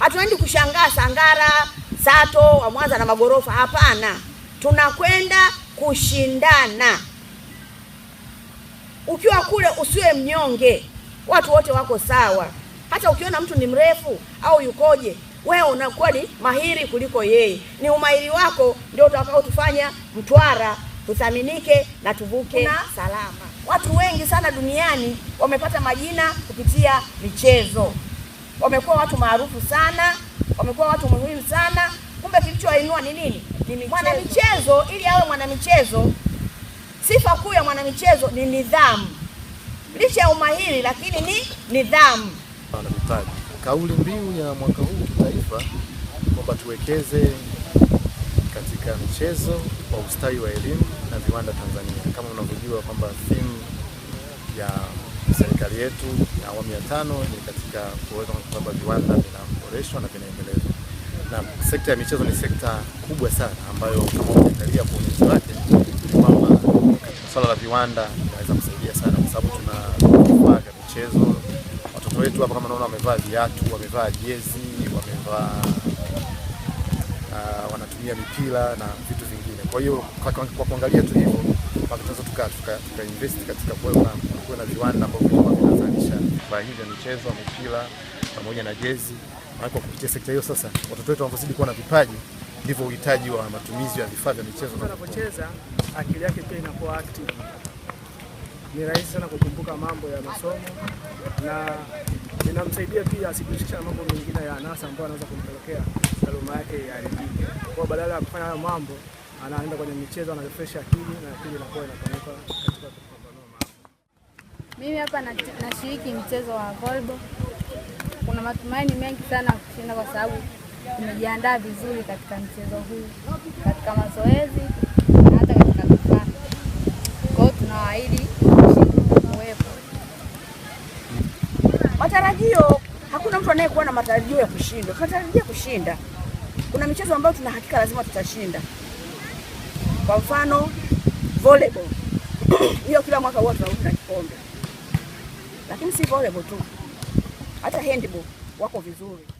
hatuendi kushangaa Sangara, Sato wa Mwanza na magorofa, hapana. Tunakwenda kushindana. Ukiwa kule usiwe mnyonge, watu wote wako sawa. Hata ukiona mtu ni mrefu au yukoje, wewe unakuwa ni mahiri kuliko yeye. Ni umahiri wako ndio utakaotufanya mtwara tuthaminike na tuvuke Una, salama. Watu wengi sana duniani wamepata majina kupitia michezo, wamekuwa watu maarufu sana, wamekuwa watu muhimu sana. Kumbe kilichowainua ni nini? Ni mwanamichezo. Ili awe mwanamichezo, sifa kuu ya mwanamichezo ni nidhamu. Licha ya umahiri, lakini ni nidhamu. Kauli mbiu ya mwaka huu kitaifa kwamba tuwekeze katika mchezo wa ustawi wa elimu na viwanda Tanzania. Kama unavyojua kwamba theme ya serikali yetu ya awamu ya tano ni katika kuweka kwamba viwanda vinaboreshwa na vinaendelezwa, na sekta ya michezo ni sekta kubwa sana ambayo kama ukiangalia kwa uwezo wake kwamba swala la viwanda inaweza kusaidia sana, kwa sababu tuna vifaa vya michezo. Watoto wetu hapa kama naona wamevaa viatu, wamevaa jezi, wamevaa Uh, wanatumia mipira na vitu vingine. Kwa hiyo kwa kuangalia tu hivyo tunaweza tuka, tuka invest katika kuwa na viwanda ambavyo vinazalisha vifaa hivi vya michezo, mipira pamoja na jezi. Maana kwa kupitia sekta hiyo sasa watoto wetu wanavyozidi kuwa na vipaji ndivyo uhitaji wa matumizi ya vifaa vya michezo. Anapocheza akili yake pia inakuwa active, ni rahisi sana kukumbuka mambo ya masomo na inamsaidia pia asijihusisha na mambo mengine ya anasa ambayo anaweza kumpelekea taaluma yake iharibike. Kwa badala ya kufanya hayo mambo, anaenda kwenye michezo, refresh akili na akili inakuwa inapanuka katika kupambana na mambo. Mimi hapa nashiriki mchezo wa volleyball. Kuna matumaini mengi sana kushinda kwa sababu nimejiandaa vizuri katika mchezo huu, katika mazoezi na hata katika vifaa. Kwa hiyo tunawaahidi kuwepo matarajio. Hakuna mtu anayekuwa na matarajio ya kushindwa, tunatarajia kushinda. Kuna michezo ambayo tuna hakika lazima tutashinda, kwa mfano volleyball hiyo kila mwaka huwa tunarudi na kikombe, lakini si volleyball tu, hata handball wako vizuri.